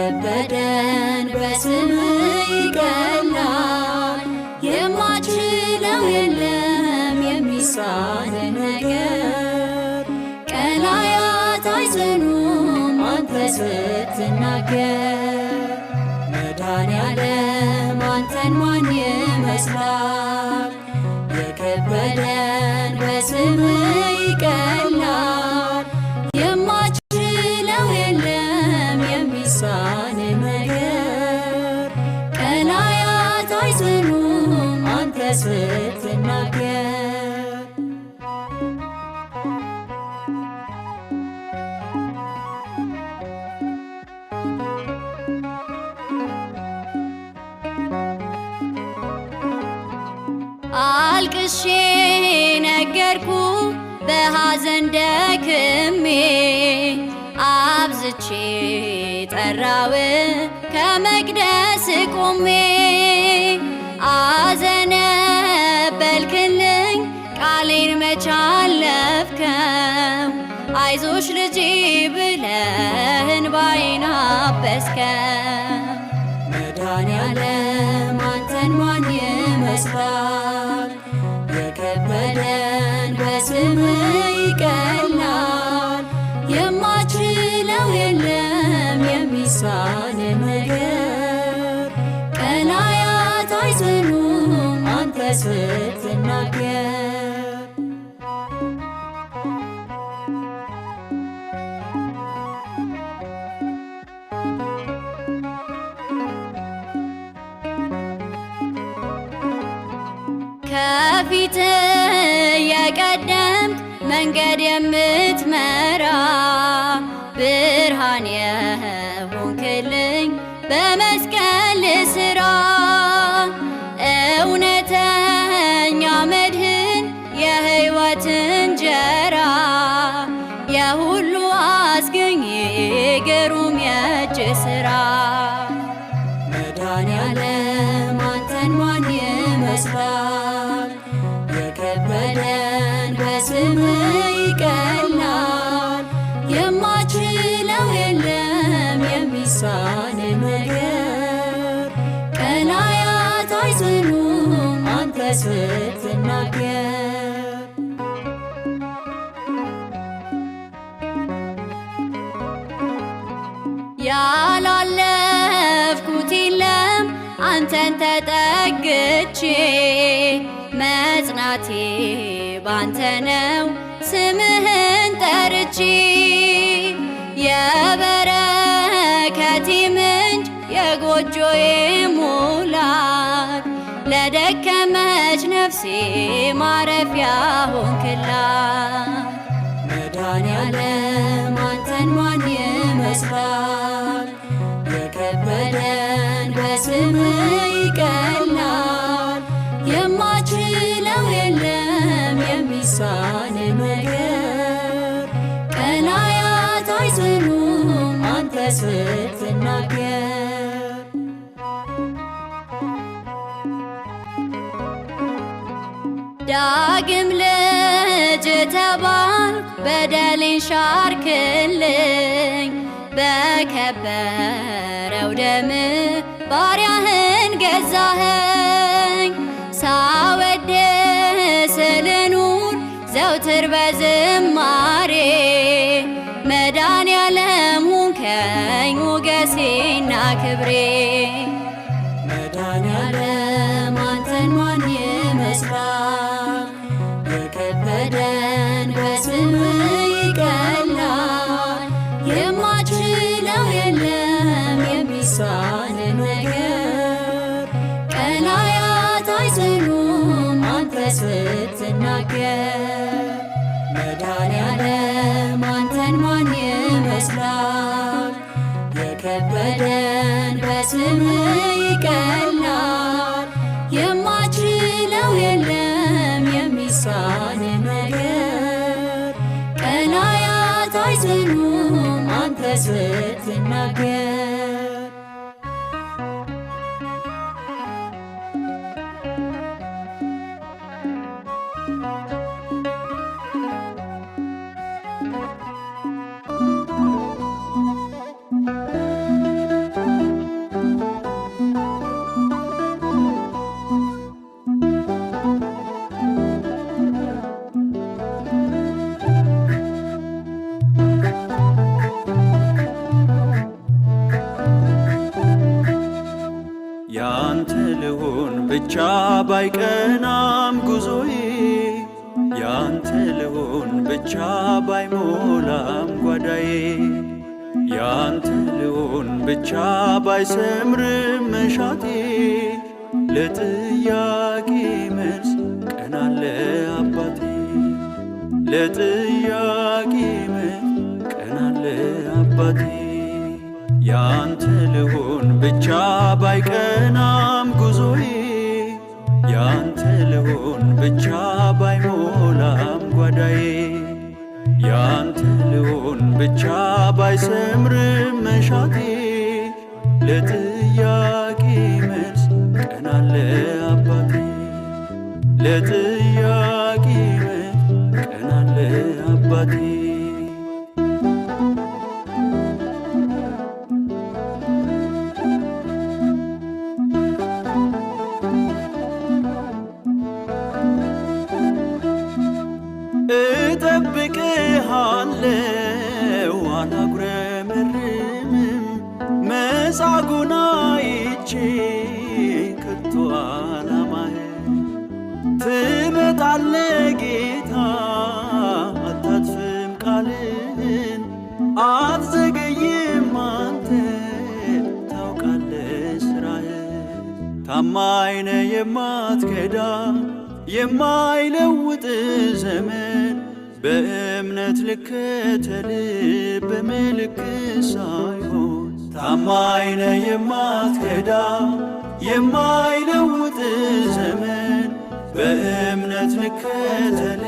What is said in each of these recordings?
ከበደን በስም ይቀላል። የማችለው የለም የሚሳን ነገር ቀላያት አይጽኑም አንተ ስትናገር። መድኃኔዓለም አንተን ማን ይመስላል? የከበደን በስም ይቀላል አልቅሼ ነገርኩ በሐዘን ደክሜ አብዝቼ ጠራው ከመቅደስ ቆሜ አዘነበልክልኝ ቃሌን መቻለፍከው አይዞሽ ልጄ ብለህ እንባዬን አበስከው መድኃኒዓለም አንተን ማን ይመስላል? ያለን በስም ይቀላል። የማችለው የለም የሚሳነን ነገር ቀላያት አይዘኑም አንተ ስትናገር ከፊት በቀደምክ መንገድ የምትመራ ብርሃን የሆንክልኝ በመስቀል የረሳን ነገር ቀላያት አይጽኑም አንተ ስትናገር ያላለፍኩት የለም አንተን ተጠግቼ መጽናቴ ባንተ ነው ስምህን ጠርቼ ጎጆዬ ሙላት ለደከመች ነፍሴ ማረፊያ ሆንክላት። መድኃኔዓለም አንተን ማን ይመስላል? የከበደን በስም ይቀላል። የማችለው የለም የሚሳን ነገር ቀላያት አይዘኑም አንተ ዳግም ልጅ ተባልኩ በደሌን ሻርክልኝ በከበረው ደም ባሪያህን ገዛህኝ ሳወድስ ስልኑር ዘውትር በዝማሬ መዳን ዓለም ሁንከኝ ሞገሴና ክብሬ Yeah. in my grave. ባይቀናም ጉዞዬ ያንተ ልሆን ብቻ ባይሞላም ጓዳዬ ያንተ ልሆን ብቻ ባይሰምርም መሻቴ ለጥያቄ መልስ ቀናለ አባቴ ለጥያቄ መልስ ቀናለ አባቴ ያንተ ልሆን ብቻ ባይቀና ሆን ብቻ ባይሞላም ጓዳዬ ያንተ ልሆን ብቻ ባይሰምር መሻቴ ለጥያቄ መልስ ቀናለ አባቴ ለጥያቄ መልስ ቀናለ አባቴ ታማይነ የማትከዳ የማይለውጥ ዘመን በእምነት ልከተል በምልክት ሳይሆን ታማይነ የማትከዳ የማይለውጥ ዘመን በእምነት ልከተል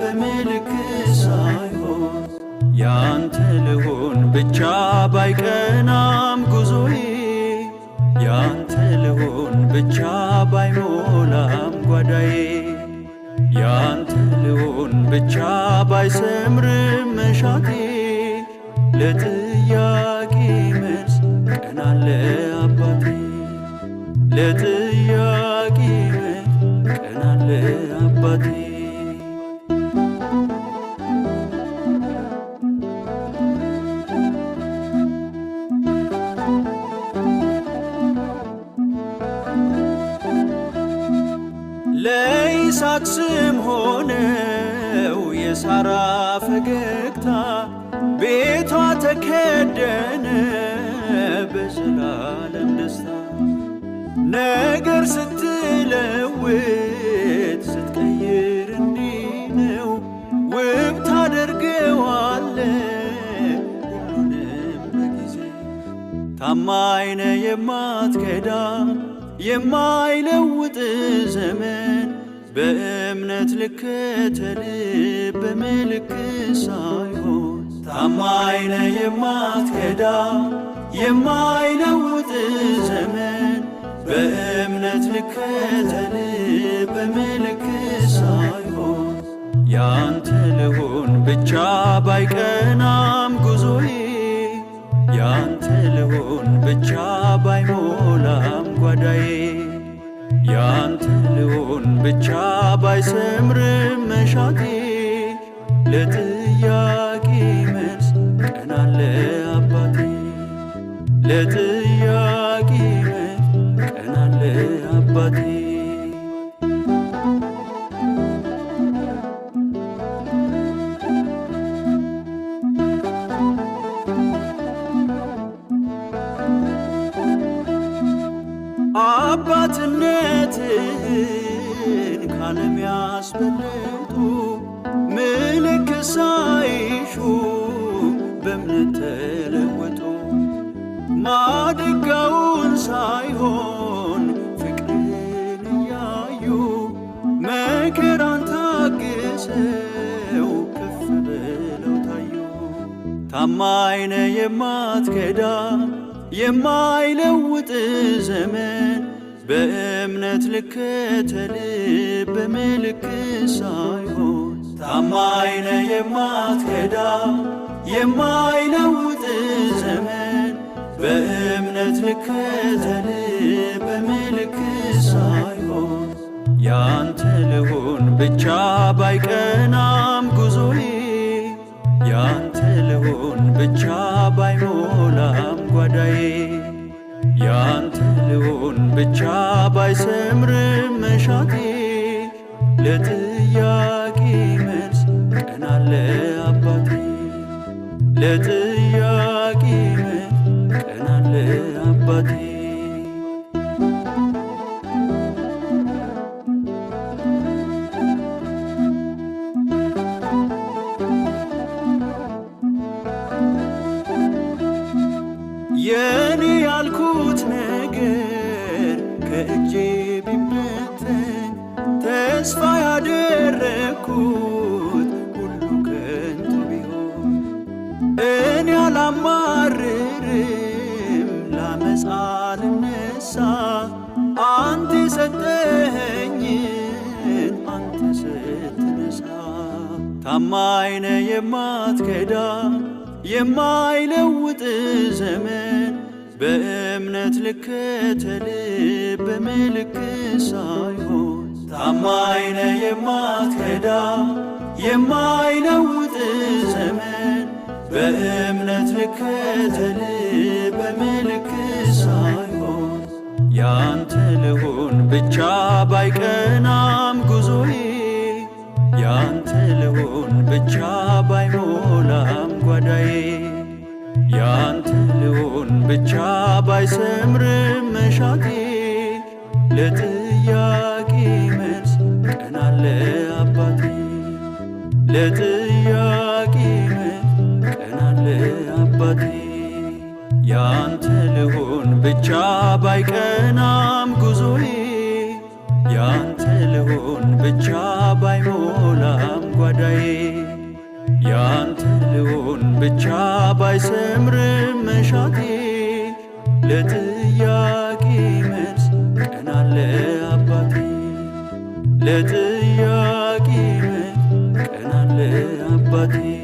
በምልክት ሳይሆን ያንተ ልሆን ብቻ ባይቀናም ያንተ ልሆን ብቻ ባይሞላም ጓዳዬ ያንተ ልሆን ብቻ ባይሰምርም መሻቴ ለጥያቄ መልስ ቀና አባቴ ለጥያቄ መልስ ቀና አባቴ ስም ሆነው የሳራ ፈገግታ ቤቷ ተከደነ በዘላለም ደስታ ነገር ስትለውጥ ስትቀይር እንዲህ ነው ውብ ታደርገዋለ ሁሉንም በጊዜ ታማኝነ የማትከዳ የማይለውጥ ዘመን በእምነት ልከተል በመልክ ሳይሆን ታማይነ የማትከዳ የማይለውጥ ዘመን በእምነት ልከተል በመልክ ሳይሆን ያንተ ልሆን ብቻ ባይቀናም ጉዞዬ ያንተ ልሆን ብቻ ባይሞላም ጓዳዬ ያንተ ልሆን ብቻ ባይሰምርም መሻቴ ለጥያቄ መልስ ቀናለ አባቴ ለጥያቄ መልስ ቀናለ አባቴ ታማይነ የማትከዳ የማይለውጥ ዘመን በእምነት ልከተል በመልክ ሳይሆን ታማይነ የማትከዳ የማይለውጥ ዘመን በእምነት ልከተል በመልክ ሳይሆን ያንተ ልሆን ብቻ ባይቀናም ጉዞዬ ያንተ ልሆን ብቻ ባይሞላም ጓዳዬ ያንተ ልሆን ብቻ ባይሰምርም መሻቴ ለጥያቄ መልስ ቀናለ አባቴ ለጥያቄ መልስ ቀናለ አባቴ ሰማይነ የማትከዳ የማይለውጥ ዘመን በእምነት ልከተል በምልክት ሳይሆን ታማይነ የማትከዳ የማይለውጥ ዘመን በእምነት ልከተል በምልክት ሳይሆን ያንተ ልሆን ብቻ ባይቀናም ጉዞዬ ሰውን ብቻ ባይሞላም ጓዳዬ ያንተ ልሆን ብቻ ባይሰምርም መሻቴ ለጥያቄ መልስ ቀናለ አለ አባቴ ለጥያቄ መልስ ቀናለ አባቴ ያንተ ልሆን ብቻ ባይቀና ሆን ብቻ ባይሞላም ጓዳዬ ያንተ ልሆን ብቻ ባይሰምርም መሻቴ ለጥያቄ መልስ ቀናለ አባቴ ለጥያቄ መልስ ቀናለ አባቴ